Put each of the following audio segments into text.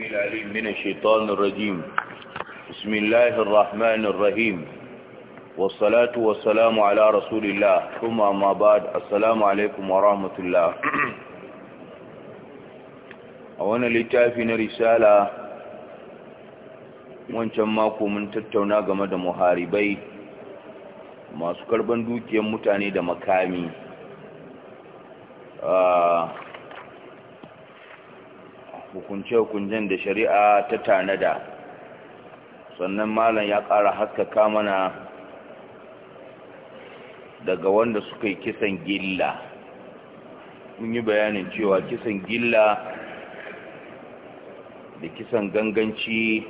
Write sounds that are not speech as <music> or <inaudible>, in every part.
السميع العليم من الشيطان الرجيم بسم الله الرحمن الرحيم والصلاة والسلام على رسول الله ثم ما بعد السلام عليكم ورحمة الله وانا لتافين رسالة wancan mako mun tattauna game da muharibai masu karban dukiyar mutane da makami hukunce-hukuncen da shari'a ta tanada sannan malam ya ƙara haskaka mana daga wanda suka yi kisan gilla mun yi bayanin cewa kisan gilla da kisan ganganci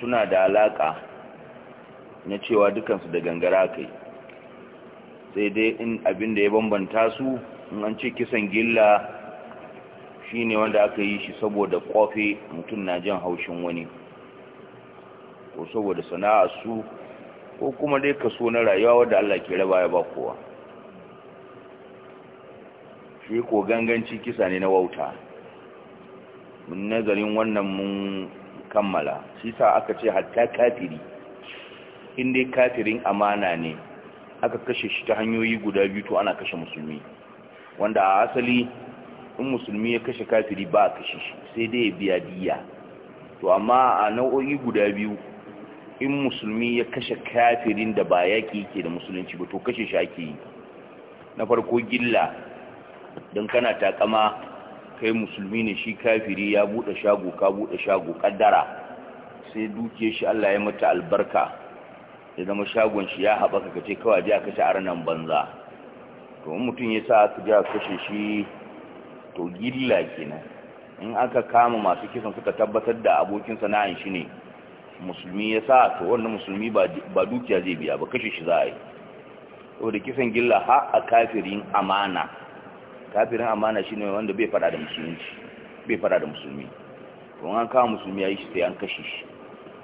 suna da alaƙa na cewa dukansu da gangara kai sai dai in abin ya bambanta su in an ce kisan gilla Shi ne wanda aka yi shi saboda kofi mutum na jan haushin wani ko saboda sana'a su ko kuma dai kaso na rayuwa wadda Allah ke raba ya ba kowa shi ko ganganci kisa ne na wauta mun nazarin wannan mun kammala shi sa aka ce hatta kafiri inda dai kafirin amana ne aka kashe shi ta hanyoyi guda biyu to ana kashe musulmi wanda a asali in musulmi ya kashe kafiri ba a kashe shi sai dai ya biya diya to amma a nau'o'i guda biyu in musulmi ya kashe kafirin da ba yaƙi yake da musulunci ba to kashe shi ake yi na farko gilla don kana takama kai musulmi ne shi kafiri ya buɗe shago ka buɗe shago ƙaddara sai duke shi Allah ya mata albarka da zama shagon shi ya haɓaka ka ce kawai ji a kashe aranan banza to mutum ya sa aka a kashe shi to gilla kenan in aka kama masu kisan suka tabbatar da abokin sana'an shi ne musulmi ya sa to wannan musulmi ba dukiya zai biya ba kashe shi za a yi saboda kisan gilla ha a kafirin amana kafirin amana shi ne wanda bai fada da musulunci bai fada da musulmi to an kama musulmi ya yi shi sai an kashe shi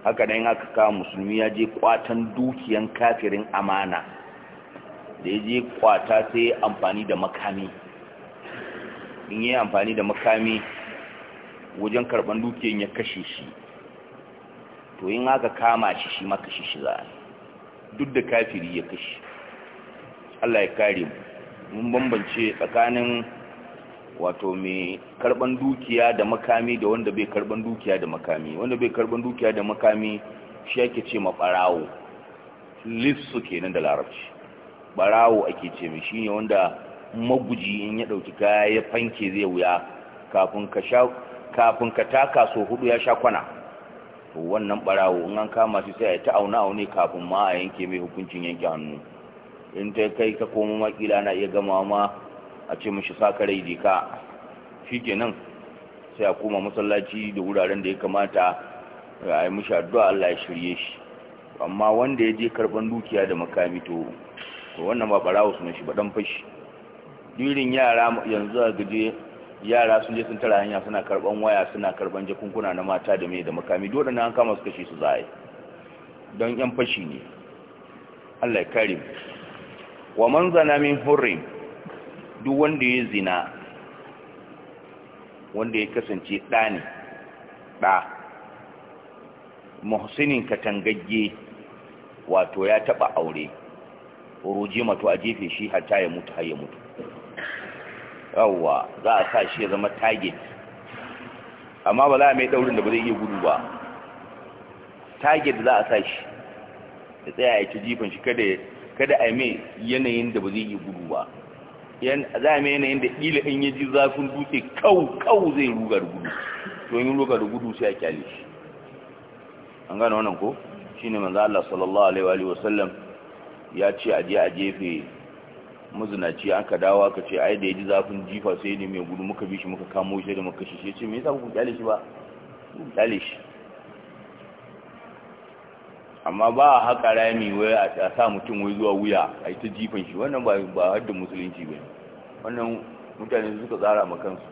haka nan aka kama musulmi ya je kwatan dukiyan kafirin amana da ya je kwata sai amfani da makami in yi amfani da makami wajen karban dukiyan ya kashe shi to in aka kama shi shi kashe shi za duk da kafiri ya kashe Allah ya kare mu mun bambance tsakanin wato mai karban dukiya da makami da wanda bai karban dukiya da makami wanda bai karban dukiya da makami shi ake ce ma barawo lissu kenan da larabci barawo ake ce mai shine wanda maguji in ya ɗauki kaya ya fanke zai wuya kafin ka taka so hudu ya sha kwana wannan barawo in an kama shi sai a ta auna aune kafin ma a yanke mai hukuncin yanke hannu in ta kai ka koma makila na iya gama ma a ce mashi saka rai da ka shi kenan sai a koma masallaci da wuraren da ya kamata a yi mashi addu'a Allah ya shirye shi amma wanda ya je karban dukiya da makami to wannan ba barawo su shi ba dan fashi dirin yara yanzu a gaje yara sun je sun tara hanya suna karban waya suna karban jakunkuna na mata da mai da makami dole na an kama su kashe su za don yan fashi ne Allah ya kare wa man zana min hurri duk wanda ya zina wanda ya kasance ɗa ne ɗa muhsinin katangage wato ya taɓa aure rujima to a jefe shi hatta ya mutu har ya mutu yawwa za a sa shi ya zama target amma ba za a mai daurin da ba zai iya gudu ba target za a sa shi ya tsaya a yake jifan shi kada kada a mai yanayin da ba zai iya gudu ba za a mai yanayin da ila in ya ji zafin dutse kau kau zai ruga da gudu to yin ruga da gudu sai a kyale shi an gane wannan ko shine manzo Allah sallallahu alaihi wa sallam ya ce aje a jefe mazinaci aka dawo aka ce ai da yaji zafin jifa sai ne mai gudu muka bi shi muka kamo shi da muka shishe ce me yasa ku kyale shi ba ku kyale shi amma ba a haƙa rami wai a sa mutum wai zuwa wuya a yi ta jifan shi wannan ba ba haddin musulunci ba wannan mutane suka tsara ma kansu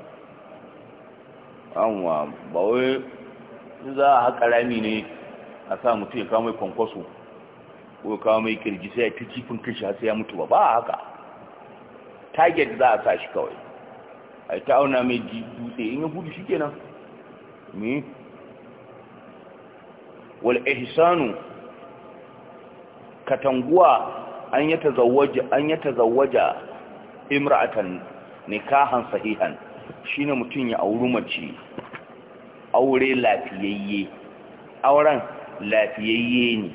amma ba wai za a haƙa rami ne a sa mutum ya kawo mai kwankwaso ko ya kawo mai kirji sai ya ta jifin kashi har sai ya mutu ba ba haka target za a sa kawai a ta auna mai dutse in ya hudu shi nan. me wal ihsanu katanguwa an ta zawaja an ta zawaja imra'atan nikahan sahihan shine mutum ya auri mace aure lafiyayye auren lafiyayye ne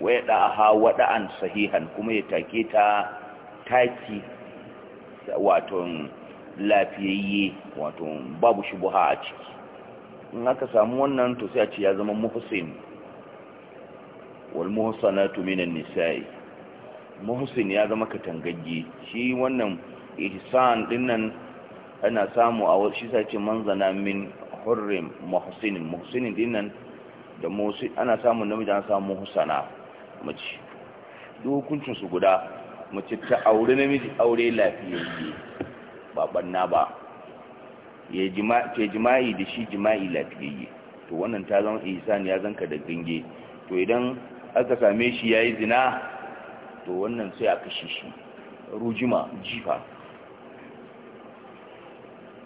wa ya ɗaha waɗa'an sahihan kuma ya take ta taki wato lafiyayye wato babu shubuha a ciki in aka samu wannan to sai a ce ya zama muhsin wal muhsanatu minan nisa'i muhsin ya zama katangagge shi wannan ihsan dinnan ana samu a wasu shi sai ce manzana min hurrim muhsinin muhsinin dinnan da muhsin ana samu namiji ana samu muhsana mace duk su guda mace ta aure namiji aure lafiyayye ba banna ba ya ke jima'i da shi jima'i lafiyayye to wannan ta zama ihsan ya zanka da gange to idan aka same shi yayi zina to wannan sai a kashe shi rujima jifa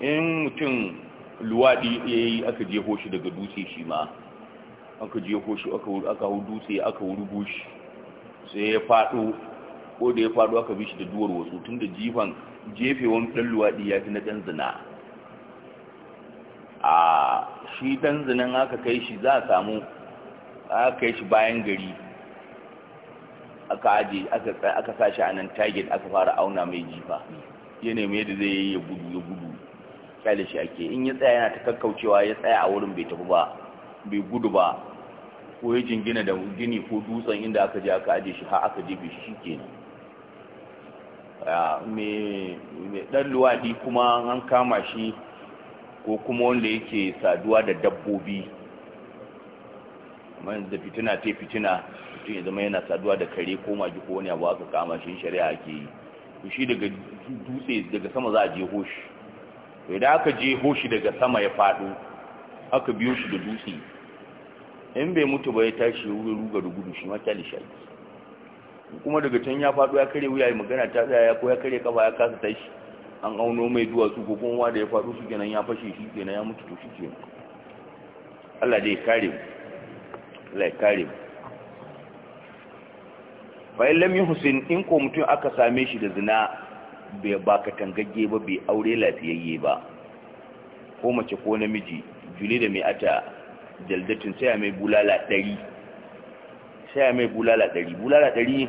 in mutum luwaɗi yayi aka jeho shi daga dutse shi ma aka jeho shi aka hau dutse aka wurgo shi sai ya faɗo ko da ya faɗo aka bi shi da duwar wasu tun da jifan jefewan ɗan luwaɗi ya fi na ɗan zina a shi ɗan zinan aka kai shi za a samu aka kai shi bayan gari aka aje aka sa a nan target aka fara auna mai jifa yanayi mai yadda zai yi ya gudu ya gudu kyale shi ake in ya tsaya yana ta kakkaucewa ya tsaya a wurin bai tafi ba bai gudu ba ko ya jingina da gini ko dutsen inda aka je aka aje shi ha aka jefe shi kenan mai dan luwadi kuma an kama shi ko kuma wanda yake saduwa da dabbobi amma da fitina ta fitina mutum ya zama yana saduwa da kare ko magi ko wani abu aka kama shi shari'a ake yi shi daga dutse daga sama za a je hoshi to idan aka je hoshi daga sama ya faɗo aka biyo shi da dutse in bai mutu ba ya tashi ya ruga da gudu shi ma kyali shaki kuma daga can ya faɗo ya kare wuya ya magana ta tsaya ko ya kare kafa ya kasa tashi an auno mai duwatsu ko kuma da ya faɗo shi kenan ya fashe shi kenan ya mutu to shi kenan Allah dai kare mu Allah ya kare mu fa in lam in ko mutum aka same shi da zina bai ba ka tangagge ba bai aure lafiyayye ba ko mace ko namiji juli da mai ata jaldatin sai mai bulala ɗari sai mai bulala ɗari bulala ɗari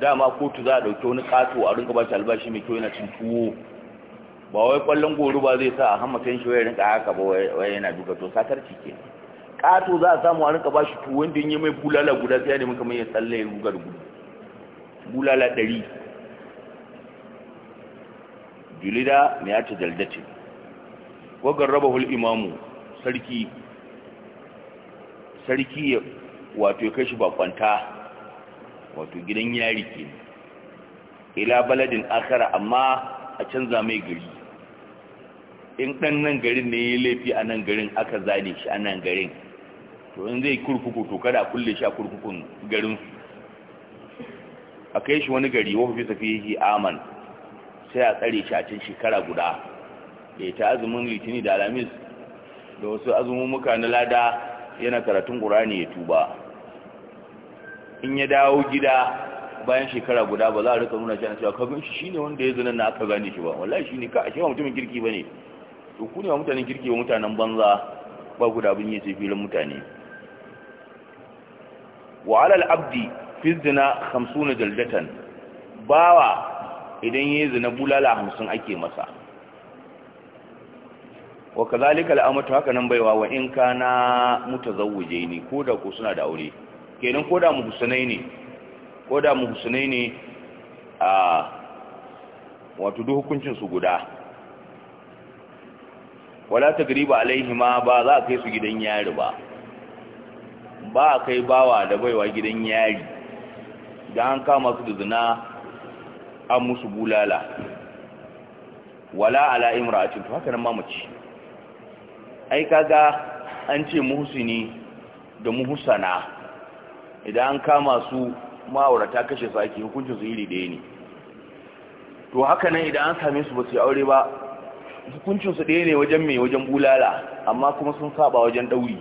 dama kotu za a ɗauki wani ƙato a rinka ba shi albashi mai kyau yana cin tuwo ba wai ƙwallon goro ba zai sa a hammatan shi wai rinka haka ba wai yana duka to satar ke ƙato za a samu a rinka ba shi tuwo wanda ya mai bulala guda sai ne nemi kamar ya tsalle ya rugar gudu bulala ɗari julida mai ya ce daldace wagar raba hul imamu sarki sarki wato ya kashi bakwanta wato gidan yari ke ila baladin akara amma a canza mai gari in ɗan nan garin ne ya laifi a nan garin aka zane shi a nan garin to in zai kurkuku to kada kulle shi a kurkukun garin a kai shi wani gari wafi fi yi aman sai a tsare shi a can shekara guda ya ta azumin litini da alamis da wasu azumin muka na lada yana karatun ƙur'ani ya tuba in ya dawo gida bayan shekara guda ba za a rika nuna shi cewa ka gan shi shine wanda ya zina na aka gane shi ba wallahi shine ka ashe ba mutumin kirki bane to ku ne ba mutanen kirki ba mutanen banza ba ku da abin yi sai filin mutane wa alal abdi fi zina 50 jaldatan bawa idan yayi zina bulala 50 ake masa wa kazalika al'amatu haka nan baiwa wa in kana mutazawwije ne ko da ku suna da aure kenan ko da muhsunai ne ko da muhsunai ne a wato duk hukuncin su guda wala tagriba ma ba za a kai su gidan yari ba ba a kai bawa da baiwa gidan yari da an kama su da zina an musu bulala wala ala imra'atin to haka nan mamaci ai kaga an ce muhsini da muhsana idan an kama su ma'aurata kashe su ake hukuncin su iri ɗaya ne to haka nan idan an same su ba su aure ba hukuncin su ɗaya ne wajen mai wajen bulala amma kuma sun saba wajen ɗauri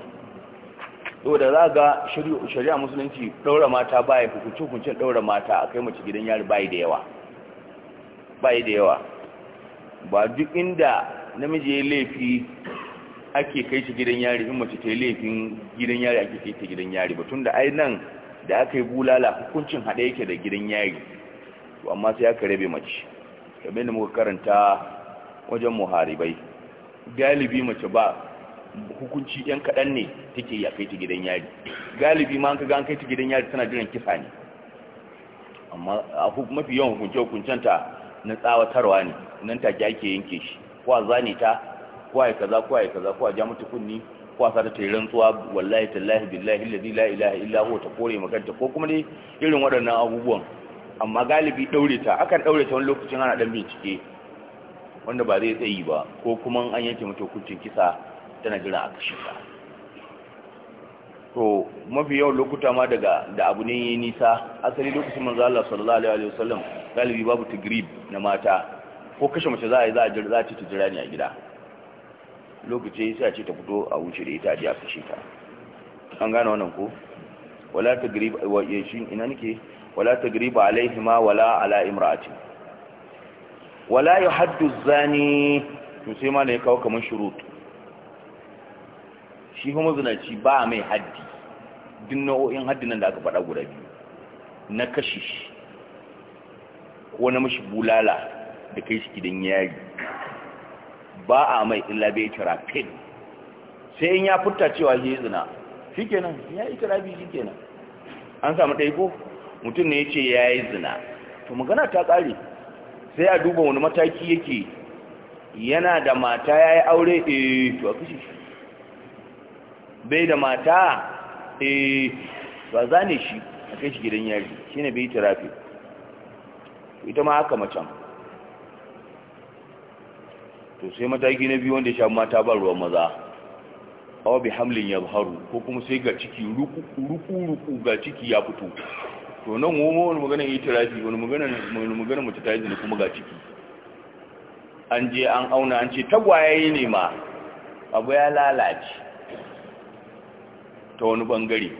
to da za ga shari'a musulunci ɗaura mata baya hukuncin hukuncin ɗaura mata a kai mace gidan yari bayi da yawa bayi da yawa ba duk inda namiji ya laifi ake kai shi gidan yari in mace ta yi laifin gidan yari ake kai ta gidan yari ba tun da ai nan da aka yi bulala hukuncin haɗe yake da gidan yari to amma sai aka rabe mace kamar da muka karanta wajen muharibai galibi mace ba hukunci yan kaɗan ne take yi a kai ta gidan yari galibi ma an ka gan kai ta gidan yari tana jiran kisa ne amma a mafi yawan hukunce hukuncenta na tsawatarwa ne nan take ake yanke shi ko a zane ta ko kaza ko kaza ko a ja mata kunni ko a sata ta yi rantsuwa wallahi tallahi billahi alladhi la ilaha illa huwa ta kore maganta ko kuma dai irin waɗannan abubuwan amma galibi daure ta akan daure ta wani lokacin ana dan bincike wanda ba zai tsayi ba ko kuma an yanke mata hukuncin kisa tana jira a kashe ta to mafi yawan lokuta ma daga da abu ne yayi nisa asali lokacin manzo Allah sallallahu alaihi wasallam galibi babu tigrib na mata ko kashe mace za a yi za a jira za ta jira ne a gida Lokacin sai a ce ta fito a wuce da ita a jiya kashe ta an gane wannan ko wala tagriba wa shi? ina nake wala alaihi ma wala ala imra'atin wala yuhaddu zani to sai ma ne ya kawo kaman shurut shi kuma zinaci ba mai haddi din nau'o'in nan da aka faɗa guda biyu na kashe shi ko na mashi bulala da kai shi gidan yari ba a mai illa bai tirafin sai in ya furta cewa shi zina shi kenan ya yi tirafi shi kenan an samu ɗai ko mutum ne ya ce ya yi zina to magana ta ƙare sai a duba wani mataki yake yana da mata ya yi aure eh to a kashe shi bai da mata eh ba zane shi a kai shi gidan yari shi ne bai tirafi ita ma haka macam to sai mataki na biyu wanda ya shafi mata ba ruwan maza awa bi hamlin ya haru ko kuma sai ga ciki ruku-ruku ga ciki ya fito to nan goma wani magana yi tirafi wani magana mace ta yi kuma ga ciki an je an auna an ce tagwaye ne ma abu ya lalace ta wani bangare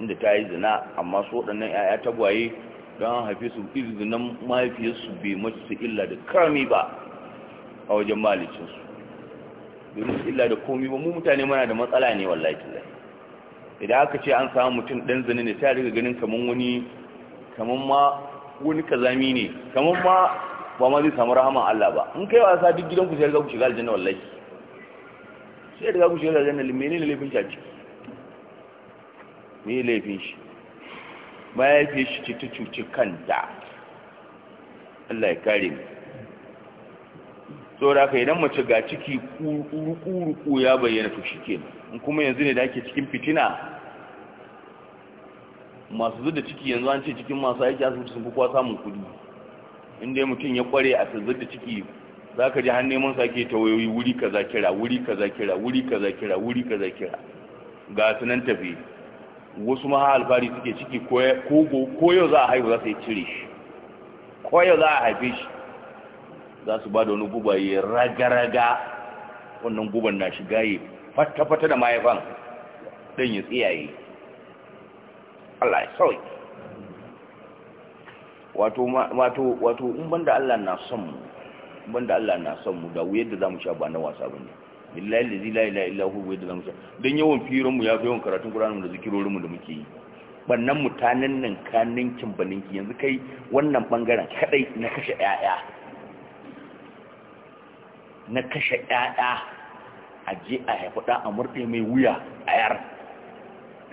inda ta yi zina amma su waɗannan 'ya'ya tagwaye don haife su izinan mahaifiyarsu bai mace su illa da karami ba a wajen malicinsu domin su illa da komi ba mu mutane mana da matsala ne wallahi tallahi idan aka ce an samu mutum ɗan zane ne ta riga ganin kaman wani kaman ma wani kazami ne kaman ma ba ma zai samu rahaman Allah ba in kai wasa duk ku sai ga ku shiga aljanna wallahi sai ga ku shiga aljanna menene laifin shi a ciki me laifin shi fi shi ce ta cuci kanta Allah ya kare mu saboda haka idan mace ga ciki kuruku ya bayyana to shikenan in kuma yanzu ne da ake cikin fitina masu zuda ciki yanzu an ce cikin masu aiki asibiti sun fi kwa samun kuɗi inda mutum ya kware a sun da ciki za ka ji hannun neman ake ta tawayoyi wuri ka kira wuri ka kira wuri ka kira wuri ka kira ga su nan tafi wasu maha alfari suke ciki ko yau za a haihu za su yi cire shi ko yau za a haife shi za su ba da wani guba ya raga-raga wannan guban na shiga yi fata-fata da mahaifan ɗin ya tsiyaye Allah ya sauyi wato wato wato in banda Allah na son mu in banda Allah na son mu da wuyar da mu sha ba na wasa bane billahi la ilaha illa hu wuyar da mu sha Don yawan firinmu ya fi yawan karatun Qur'anin da zikirorinmu da muke yi bannan mutanen nan kanin kimbaninki yanzu kai wannan bangaren kadai na kashe yaya na kashe ƴaƴa a je a haifi ɗa a murɗe mai wuya a yar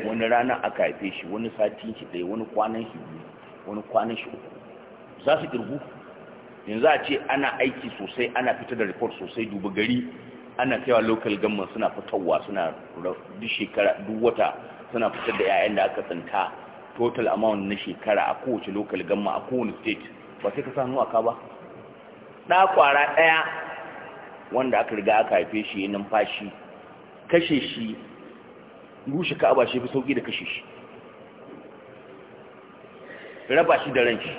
wani rana aka haife shi wani satin shi ɗaya wani kwanan shi biyu wani kwanan shi uku za su ƙirgu yanzu a ce ana aiki sosai ana fitar da report sosai duba gari ana kaiwa local government suna fitowa suna duk shekara duk wata suna fitar da 'ya'yan da aka tsinta total amount na shekara a kowace local government a kowane state ba sai ka sa nuwaka aka ba ɗa kwara ɗaya wanda aka riga aka haife shi ya numfashi kashe shi rushe ka'aba shi fi sauki da kashe shi raba shi da ranci,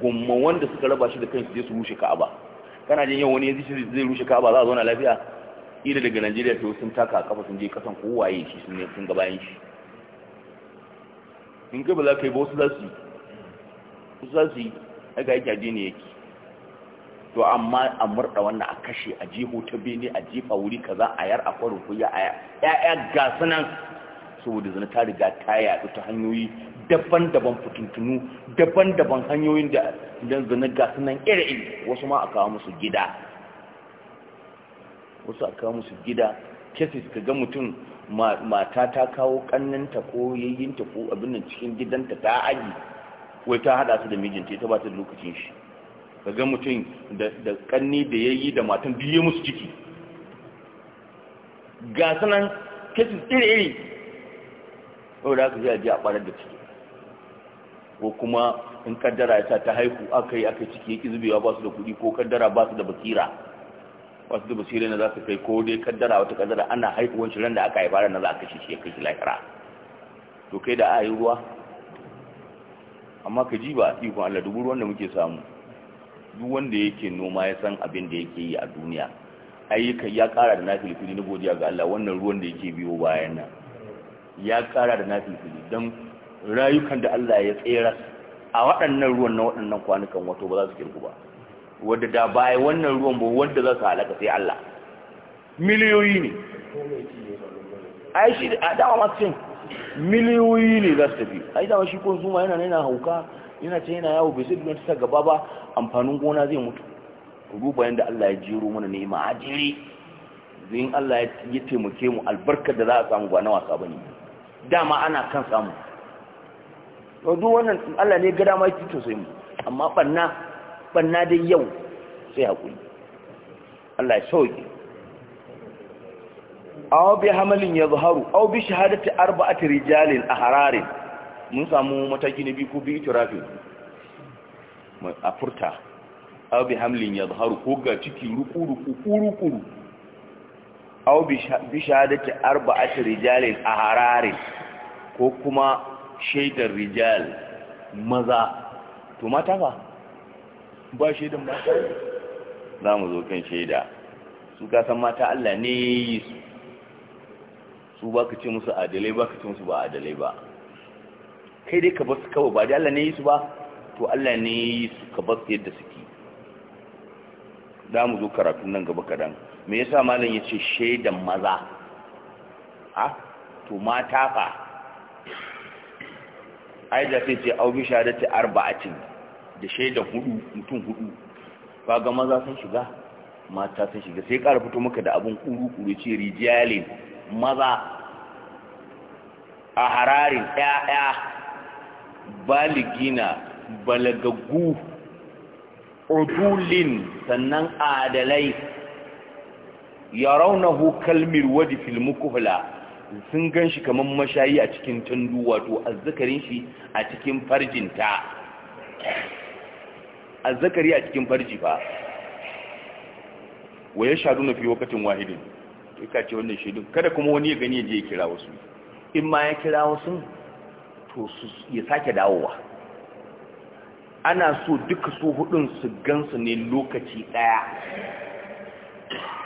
gumma wanda suka raba shi da kansu je su rushe ka'aba kana jin yau wani yanzu zai rushe ka'aba za a zauna lafiya ida daga Najeriya to sun taka kafa sun je kasan kowaye shi sun ne sun gabayin shi in ka ba za ka yi ba wasu za su yi wasu za su yi aka yake ne yake to amma a murda wannan a kashe a jiho ta bene a jifa wuri kaza a yar a kwarin kuya a ya'ya ga sunan saboda zina ta riga ta yaɗu ta hanyoyi daban-daban fitintunu daban-daban hanyoyin da dan zina ga sunan iri-iri wasu ma a kawo musu gida wasu a kawo musu gida cases ka ga mutum mata ta kawo kanninta ko yayyinta ko abin nan cikin gidanta ta aji wai ta hada su da mijinta ita ba ta da lokacin shi Ka ga mutum da kanni da ya yi da matan biye musu ciki ga sanan kesin iri-iri wadda aka ji ajiye a ɓarar da ciki ko kuma in kaddara ya sa ta haihu aka yi aka ciki ya ƙi zubewa ba su da kuɗi ko kaddara ba su da basira ba su da basira na za su kai ko dai kaddara wata kaddara ana haiku wancan ran da aka haifa na za a kashe shi ya kai shi lahira to kai da a yi ruwa amma ka ji ba ikon Allah dubu ruwan da muke samu duk wanda yake noma ya san abin da yake yi a duniya ayyuka ya kara da nafilfili na godiya ga Allah wannan ruwan da yake biyo bayan nan ya kara da nafilfili don rayukan da Allah ya tsera a waɗannan ruwan na waɗannan kwanukan wato ba za su kirku ba wadda da baya wannan ruwan ba wanda za su halaka sai Allah miliyoyi ne ai shi da dama cin miliyoyi ne za su tafi ai dama shi kun zuma yana yana hauka yana ce yana yawo bai zai ta gaba ba amfanin gona zai mutu bayan yadda Allah ya jero mana ne a jere zai Allah ya taimake mu albarkar da za a samu ba na wasa ba ne dama ana kan samu ɗaudu wannan Allah ne gada ma yi to sai mu amma ɓanna ɓanna dai yau sai hakuri Allah ya sauke awa bi hamalin ya zuharu awa bi shahadati arba'ati rijalin hararin. mun samu mataki na biyu ko bi itirafin a furta aw bi hamlin yadhharu ko ga ciki rukuru ruku ruku kuru da ke bi a arba'ati rijalin a harare ko kuma shaidar rijal maza to mata ba ba shaidan mata za mu zo kan shaida su ka san mata Allah ne yi su ba ka ce musu adalai ba ka ce musu ba adalai ba kai dai ka ba su kawai ba da Allah ne yi su ba to Allah ne yi su ka ba su yadda suke za mu zo karatun nan gaba kadan me yasa malam ya ce shaidan maza A to mata fa da sai ce au bi shahadati arba'atin da shaidan hudu mutum hudu Ba ga maza sun shiga mata sun shiga sai ƙara fito maka da abin kuru-kuru ce rijalin maza a hararin ɗaya baligina Balagagu, udulin sannan adalai yarawnahu kalmir wadi fil mukhla sun ganshi kaman mashayi a cikin tundu wato azzakarin shi a cikin farjinta azzakari a cikin farji fa waye shadu na fi wakatin wahidin kika ce wannan shaidun. kada kuma wani ya gani ya je ya kira wasu in ma ya kira wasu to ya sake dawowa ana so duka su hudun su gansu ne lokaci daya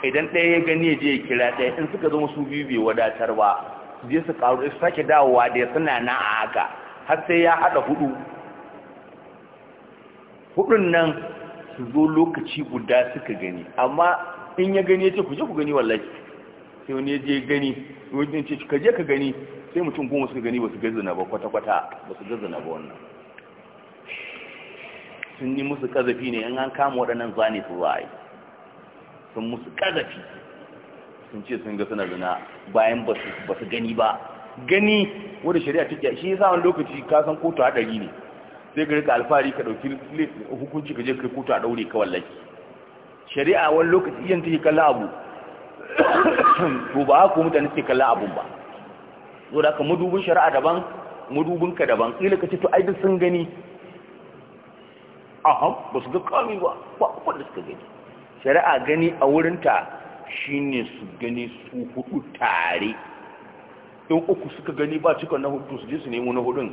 idan ɗaya ya gani ya je ya kira ɗaya in suka zama su biyu wadatar ba je su karu su sake dawowa da ya suna na a haka har sai ya haɗa hudu hudun nan su zo lokaci guda suka gani amma in ya gani ya ce ku je ku gani wallahi sai wani ya je gani wajen ce ka je ka gani sai mutum goma suka gani ba su na ba kwata-kwata ba su na ba wannan sun yi musu kazafi ne in an kama waɗannan zane su za a sun musu kazafi sun ce sun ga suna zina bayan ba su gani ba gani wadda shari'a ta shi ya wani lokaci kasan kotu haɗari ne sai ka rika alfahari ka ɗauki hukunci ka je kai kotu a ɗaure ka wallaki shari'a wani lokaci iyan take kalla abu <coughs> to ba haka mutane suke kalla abun ba zo da ka madubin shari'a daban madubinka daban ila ka ce to ai duk sun gani aha ba su ga kami ba ba abin da suka gani shari'a gani a wurinta shine su gani su hudu tare in uku suka gani ba cikon na hudu su je su nemo na hudun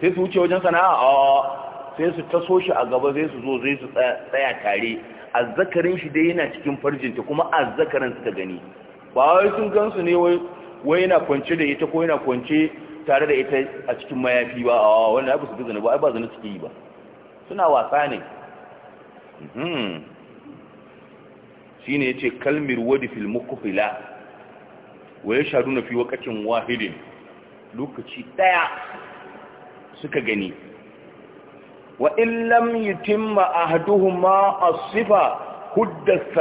sai su wuce wajen sana'a a sai su taso shi a gaba zai su zo zai su tsaya tare azzakarin shi dai yana cikin farjinta kuma azzakarin suka gani ba wai sun gansu ne wai wai yana kwance da ita ko yana kwance tare da ita a cikin mayafi ba a wannan abu su zane ba ai ba zane suke yi ba suna wasa ne hmm. shi ne ya ce kalmir wadi filmu kufila wai ya shaɗu na fi wakacin wahidin lokaci ɗaya suka gani wa illam yutimma ahaduhuma as-sifa hudda as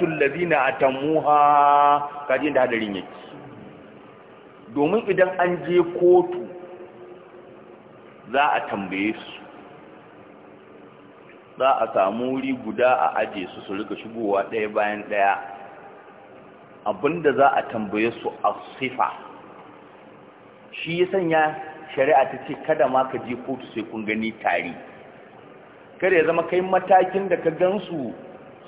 alladhina atamuha kaji da hadarin yake domin idan an je kotu za a tambaye su za a samu wuri guda a aje su su rika shigowa ɗaya bayan ɗaya abinda za a tambaye su a sifa shi ya sanya shari'a ta ce kada ma ka je kotu sai kun gani tare kada ya zama kai matakin da ka gansu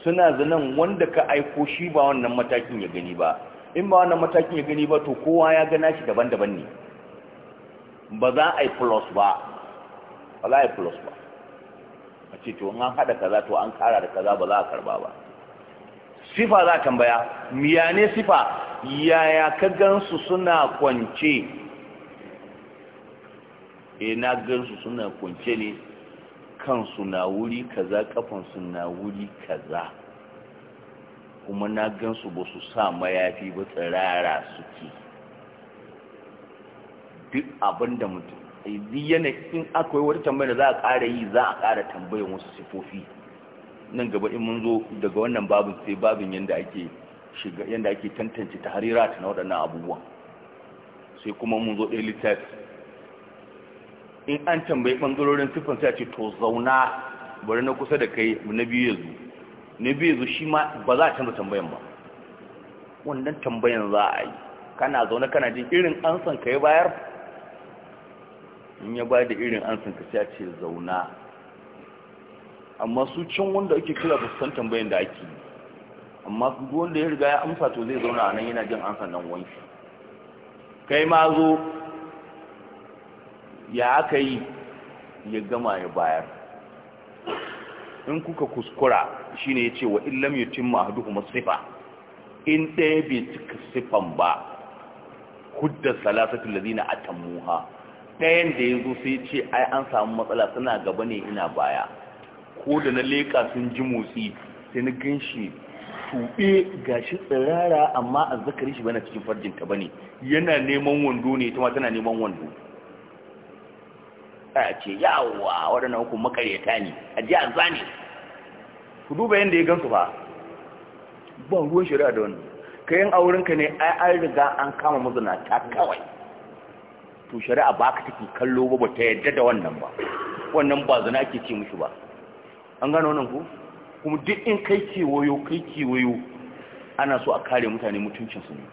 suna zanen wanda ka aiko shi ba wannan matakin ya gani ba in ba wannan matakin ya gani ba to kowa ya gana shi daban-daban ne ba za a yi plus ba ba za a yi plus ba a ce to an haɗa kaza to an kara da kaza ba za a karba ba sifa za a tambaya miya ne sifa yaya ka gansu suna kwance e na gansu suna kwance ne kansu na wuri kaza kafansu na wuri kaza kuma na gansu ba su sa mayafi ba tsirara suke duk abin da mutum in akwai wata tambayar da za a ƙara yi za a ƙara tambayar wasu sifofi nan gaba in mun zo daga wannan babin sai babin yadda ake shiga yadda ake tantance taharirat na waɗannan abubuwan sai kuma mun zo ɗaya littafi in an tambayi ɓangarorin siffan sai a ce to zauna bari na kusa da kai na biyu ya zo na biyu zo shi ma ba za a canza tambayan ba wannan tambayan za a yi kana zaune kana jin irin ansan ka ya bayar in ya bayar da irin ansan ka sai a ce zauna amma su can wanda ake kira ba su san tambayan da ake yi amma duk wanda ya riga ya amsa to zai zauna a nan yana jin ansan nan wani kai ma zo ya aka yi ya gama ya bayar in kuka kuskura shine yace wa illam yutimma kuma sifa in ɗaya bai cika sifan ba hudda salasatu ladina atammuha ɗayan da yazo sai ce ai an samu matsala suna gaba ne ina baya ko da na leka sun ji motsi sai na ganshi tuɓe gashi tsirara amma azzakari shi bana cikin farjinta bane yana neman wando ne ita ma tana neman wando a ce yawa waɗannan uku makaryata ne a ji a zane ku duba yadda ya gansu ba Ba ruwan shari'a da wannan yin aurenka ne ai an riga an kama ta kawai to shari'a ba ka take kallo ba ta yadda da wannan ba wannan ba zana ake ce mushi ba an gano wannan ku kuma duk in kai kewayo kai kewayo ana so a kare mutane mutuncinsu ne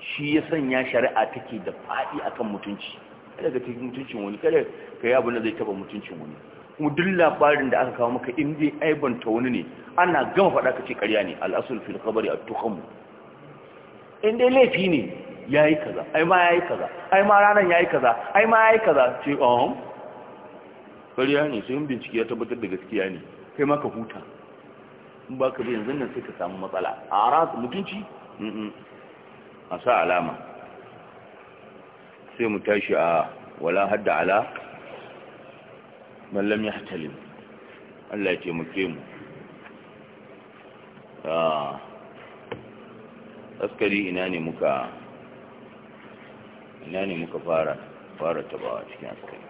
shi ya sanya shari'a take da faɗi akan mutunci daga cikin mutuncin wani kare ka yi na zai taba mutuncin wani kuma duk labarin da aka kawo maka in dai aibanta wani ne ana gama faɗa ka ce ƙarya ne al'asul fil khabari at-tuqam in dai laifi ne yayi kaza ai ma yayi kaza ai ma ranan yayi kaza ai ma yayi kaza ce um ƙarya ne sai bincike ya tabbatar da gaskiya ne kai ma ka huta in ba ka bi yanzu nan sai ka samu matsala a mutunci a sa alama sai mu tashi a wala hadda ala mallam ya hatalim Allah ya taimake mu ah, askari ina ne muka ina ne muka fara fara taba cikin askari